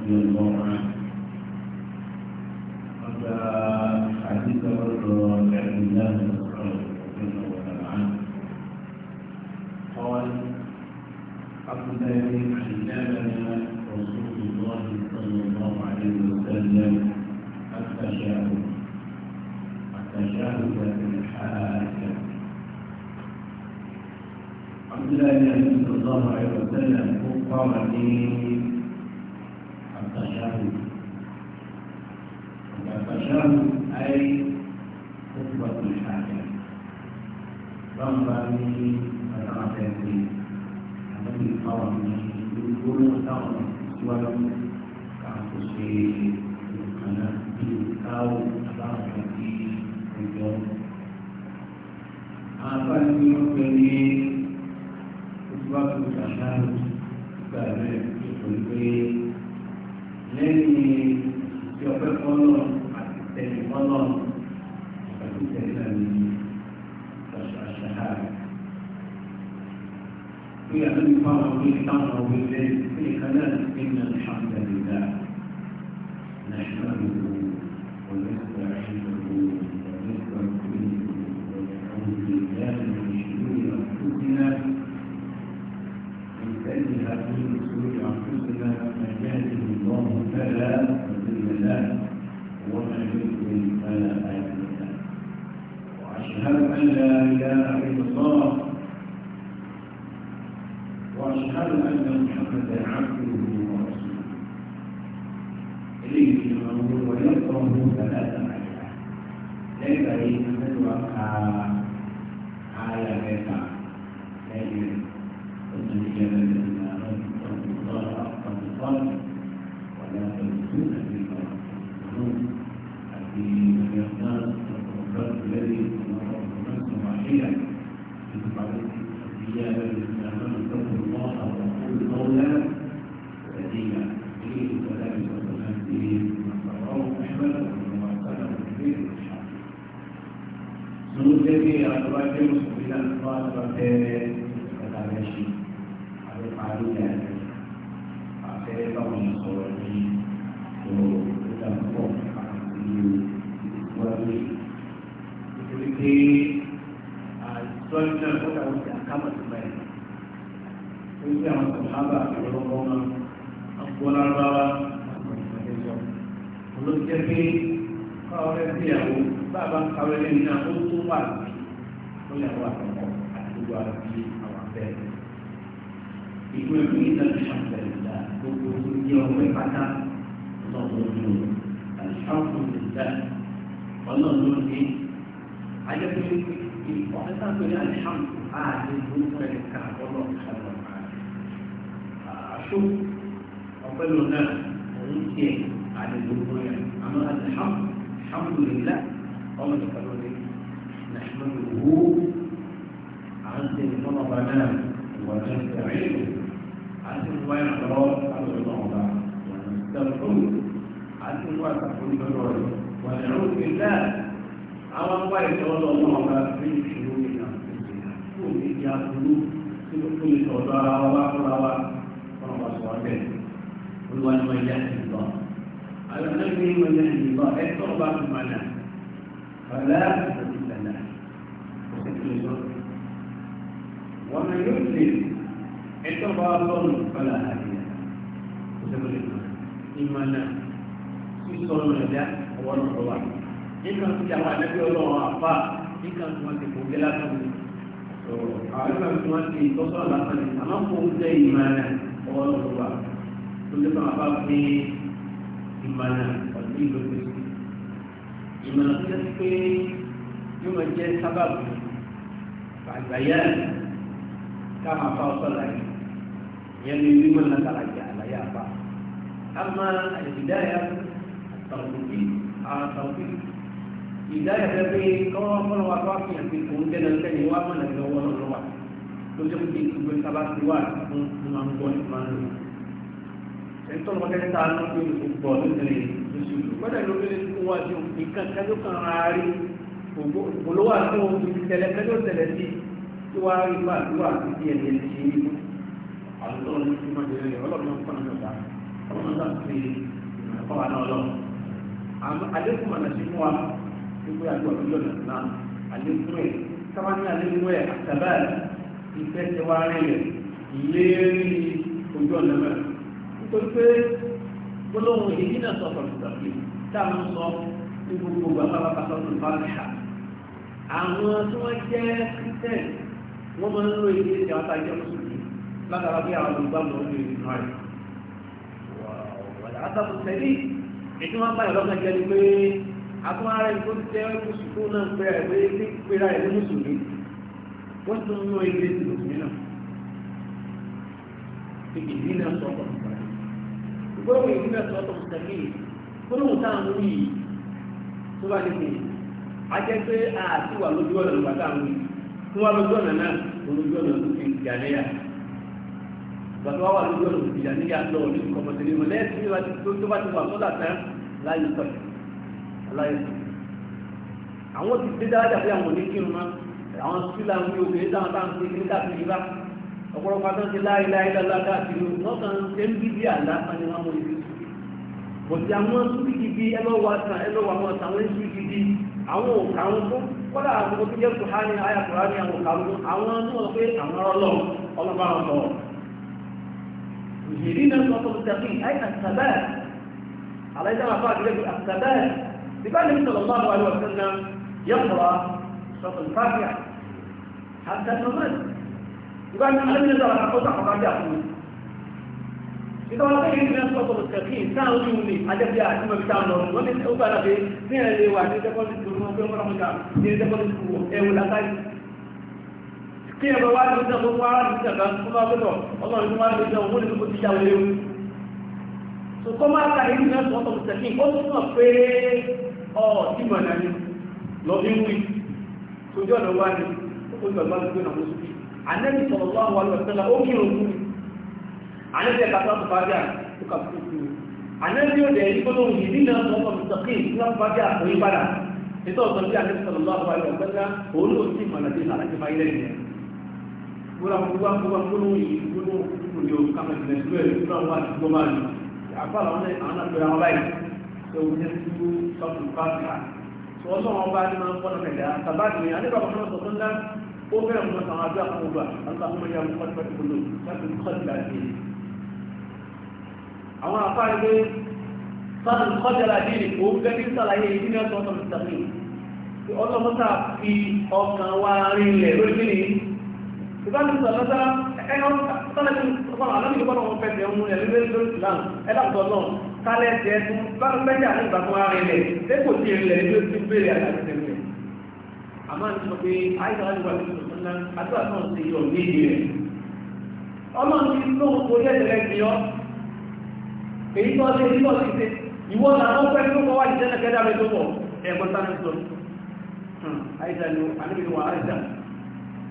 رضي الله عنه قد حديث برد عبد الله بن مسعود رضي الله عنه قال حفظ علمنا رسول الله صلى الله عليه وسلم التشاهد التشاهد في الحاجة عبد الله بن مسعود رضي الله عنه قال لي التشهد والتشهد أي خطبة الحاجة رمضان فتعتدي الذي قومي يقول قومي ولم كعكسي القناة أو أبعثتي اليوم أعطاني يوم خطبة التشهد كانت تقول bí ọpẹ́ fọ́nà àti tẹ̀lé fọ́nà àti tẹ̀lé náà ní ṣàṣàṣàṣà. Bí àná ní fáwọn ọmọ ilé táwọn ọmọ ilé ní ìkan náà ti fi nà ṣàǹdà lè dá. Nàìjíríà ló wọlé ìgbà ìṣòro. أن لا إله إلا الله وأشهد أن محمدا عبده ورسوله إليه المنظور ويقره ثلاثة أشهر ليس لي أن أدرك على آية كتاب bá lọ tẹ ẹ̀ka lẹ́sìn àti parí ẹ̀ àfẹ́ báwọn yẹn sọ̀rọ̀ ní ìṣòro tó dà púpọ̀ àti ìwádìí. nítorí pé àìsọ́jú náà ó dà wọ́n ti àkámọ̀ sí báyìí. ó ní àwọn sọ̀hábà ìrọ̀lọ́wọ́ wọn agbọ́lára olóṣèlú pé káwọn ẹgbẹ́ ìyàwó bàbá káwọn ẹgbẹ́ ìyàwó tó wà ní ó lè wà pọ̀ àdúgbò àti àwọn abẹ́ rẹ̀. ìlú ìlú ìtàkùn àbẹ̀lẹ̀dà gbogbo tó jẹ́ ọwọ́ ìpátá ọlọ́run ló alihamudulilá ọlọ́run ló ní ayẹ́pẹ́ ọ̀pẹ́sà tó ní alihamudu àti gbogbo ẹ̀ ká ọlọ́run kàlọ́ àṣọ ọ̀pẹ́ lò náà òun tiẹ̀ àti gbogbo ẹ̀ àmọ́ alihamudu alihamudulilá ọmọdé kàlọ́ ní nàìjíríà. wọ́n yà lọ́wọ́ àtọ̀tọ̀ ọ̀gá ìtàkùn àti wọ́n àtàkùn lọ́wọ́ rẹ̀ wọ́n yà lọ́wọ́ fi dá àwọn wá ìtọ́wọ́ lọ́wọ́ ọ̀gá bí ìṣòro ìgbà tó ní ìdí àbúrú tí ó tún ìtọ́jú ara wa wá fúnra wa wọ́n wá sọ ọ́dẹ̀ olúwa ni wọ́n yà ìgbà alẹ́ ní wọ́n yà ìgbà ẹ̀tọ́ bá fi ẹjọ́ bá lọ́nà hari àyè òṣèlú ìmọ̀nà sísọ ọ̀nàdá ọwọ́ si wa nǹkan orang ti àwọn àdébí ọlọ́run àfà nǹkan tó wọ́n ti kò gé lásán ni àwọn nǹkan tó wọ́n ti tọ́sọ́ lásán ni àmọ́ kò ń jẹ́ ìmọ̀nà ọwọ́ lọ́wọ́ wa tó lè fún àbá pé ìmọ̀nà ọ̀dún ìlú Kita ìmọ̀nà tó yẹ pé yóò máa jẹ́ sábàbù àgbáyé yang ní mímọ̀ látara ada àlàyé apa ama ada àtàwùkì àtàwùkì ìdáyà fẹ́ pé kọ́wọ́ fọ́nà wa kọ́ àfihàn pé òun jẹ́ náà sẹ́yìn wá mọ̀nà ìlú ọwọ́ náà lọ́wọ́ tó jẹ́ pé gbogbo sábà mana wà fún máa ń gbọ́ ní máa ń lò ẹ̀tọ́ lọ́wọ́ tẹ́lẹ̀ tá a lọ pé kan hari, rí ògbólówà tó tẹ̀lẹ̀ kájọ́ tẹ̀lẹ̀ sí tí wàá rí bá àdúrà àti díẹ̀ àtọ́lọ́ ní kí wọ́n jẹ́ lẹ́yìn ọlọ́run náà fọ́nà mẹ́ta ọlọ́run náà ti ẹ̀kọ́ wa náà lọ. àlékún ọ̀nà sí fún wa wípé àti ọ̀dọ́ ọ̀nà náà àlékún ẹ̀ sábà ní àlékún ẹ̀ àtàbà ìfẹ́ tẹ wá rẹ̀ lérí ojú ọ̀nà mẹ́ nítorí pé gbólóhùn èyí náà sọ fọ̀tù tàbí táà ń sọ ní gbogbo gbàgbà pátá tó bá rẹ̀ hà àwọn tí wọ́n jẹ́ kírísítẹ̀ wọ́n máa ń lo èdè ìjàmbá jẹ́ mùsùlùmí látara bí àwọn olùgbàmù orí ìlú náà wọ̀lá àtàkù tẹ̀lé ètò wọn bá ìlọ́gbà jẹ́ ni pé àtúwọ́n ara ẹni tó ti tẹ́ mùsùlùmí náà pé ẹ̀ pé ní pera ẹ̀ ní mùsùlùmí wọ́n tún ń yan ilé ti mùsùlùmí náà ìdí náà sọ ọ̀tọ̀ mùsùlùmí gbọ́dọ̀ ìdí náà sọ ọ̀tọ̀ mùsùlùmí gbọ́dọ̀ táwọn ń yìí tó bá ní gbàtọ́ wà lójú ọ̀nà ìyá níyà lọ ní kọ̀mọ̀tẹ̀lẹ̀ mọ̀ lẹ́yìn tí wọ́n ti wà sọ́dà tán láyé sọ̀rọ̀ láyé sọ̀rọ̀ àwọn ti gbé dáadáa bí àwọn oníkírun máa àwọn sílá ń wí obìnrin táwọn táwọn ti ní káàkiri bá ọ̀pọ̀lọpọ̀ àtàn ti láyé láyé lọ́la káàkiri wọ́n kàn ń ṣe ń bí bí àlá ni wọ́n mọ ìlú bọ̀dì àwọn súbí gidi ẹlọ́wọ́ àtàn ẹlọ́wọ́ àwọn àtàn àwọn èsù gidi àwọn òkà wọn fún kọ́lá àwọn tó jẹ́ kùhání ayàkùrá àwọn òkà wọn àwọn tó pé àwọn ọlọ́ ọlọ́bàá wọn يريد المتقين أي الثبات على إذا رفع يجب الثبات لبقى النبي صلى الله عليه وسلم يقرأ سورة الفاتحة حتى الممات يبقى أن ألم يزال أقول أقول أقول إذا ولا من سورة التقين كانوا يوني عجب آية، يا أحمد بتاعنا ومن أوبالا بي سنة اللي واحد إذا كنت تقول لهم رمضان إذا كنت تقول إيه ولا تجد tí ẹ̀rọ wá ní ìjọ gbogbo ara ní ìjọba tó bá gbọ́dọ̀ ọlọ́run ní wọ́n á gbẹ́jọ owó ní gbogbo ti yà wọlé wọn. so kọ́ máa ka ìlú náà sọ́tọ̀ ìtẹ̀kí ó tún mọ̀ pé ọ tí mọ̀ náà ni lọ bí wí tójú ọ̀nà wá ní ó gbàgbọ́ gbogbo náà mọ́sùn ànẹ́bí sọ̀rọ̀ lọ́wọ́ àwọn ọ̀sẹ̀lá ó kí òkú ni ànẹ́bí ẹ̀ka tó àtúbájá ó kà fún òkú ni ànẹ́bí òde ẹ̀yìn gbọ́dọ̀ òyìn nínú ọ̀sọ̀ ìtọ́kì ìlú àtúbájá àtúnyípadà wọ́n àwọn wá wá gbólóhùn yìí gbólóhùn kúkú ni o kàmá ìgbà ìlú ẹ̀ nígbà wà ní gbọ́ máa ní àpárá wọn náà àwọn àpẹẹrẹ àwọn báyìí tó ní tú sọ́kù pàṣà tó wọ́n sọ wọn bá ní máa ń pọ́n mẹ́ta tàbátì ní alẹ́ bàbá fún ọ̀sán ńlá ó fẹ́ràn mọ́ àwọn àjọ àkọ́gbà aláwọ̀ ya mú pátí pátí gbóló láti kọ́tì láti àwọn àpárá gbé sáà kọ́tì láti ní ní sọ̀rọ̀ sára ẹ ọ́n sọ́nà tí sọ́nà àlọ́ nìkan náà wọ́n fẹ́ tẹ̀ ọmú ẹ̀rí lórí lórí islam ẹ dàpọ̀ náà kálẹ̀ tẹ̀ fún báwo fẹ́jà ní ìgbà fún ara ilẹ̀ ṣé kò sí ilẹ̀ ní oṣù béèrè àti tẹ̀lé àmọ́ àti sọ pé àyíká wà nípa ìlú sọ́nà àdúrà náà ti yọ ní ìdí rẹ̀ ọlọ́run ti lóhun tó yẹ tẹ̀lé ti yọ èyí tó ṣe ìwọ ti ṣe ìwọ làwọn fẹ́ tó kọ́ wá ìṣẹ́lẹ̀ kẹ́dà rẹ̀ tó pọ̀ ẹ̀kọ́ sáré sọ hmm, àyíká ni àníbi wà àyíká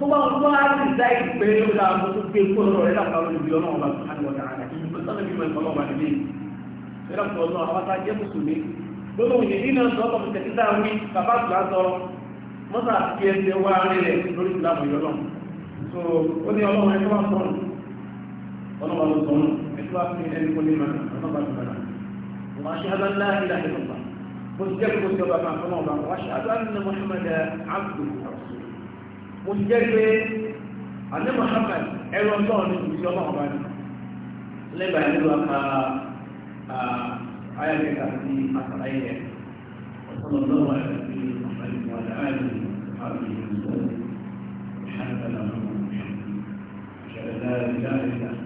tó bá wọn tó á rí ìdá ìpè ló dáa mo tó gbé kó lọ́rọ̀ ẹ̀dá kan lóbi ọ̀nà ọ̀la tó hàn wọ̀dà àná ìlú tó sọ́nà bímọ ìfọ̀lọ́ wà nílé ẹ̀dá kan lọ́nà àwọn tá a jẹ́ mùsùlùmí gbogbo ìyẹn nínú ọ̀sán ọkọ̀ tẹ̀sí tá a wí bàbá àgbà sọ mọ́tà fi ẹsẹ̀ wá rí rẹ̀ lórí ìlànà ìyọ́nà so ó ní ọlọ́run ẹni wá sọ̀rọ̀ ọlọ́run ló sọ̀rọ̀ ẹni wá fi ẹni kó ní ma ọlọ́run bá ti bàrà wọ́n aṣọ aláǹlá ìlà ìlọ́pàá bó ti jẹ́ kó ti ọba kan fún ọba wọ́n aṣọ aláǹlá Muhammad abdul rasul mo ti jẹ́ pé àní Muhammad ẹ̀rọ náà ní ìjọ náà wà ní lẹ́bàá ìlú àkà ayàkẹta sí àtàlàyé rẹ̀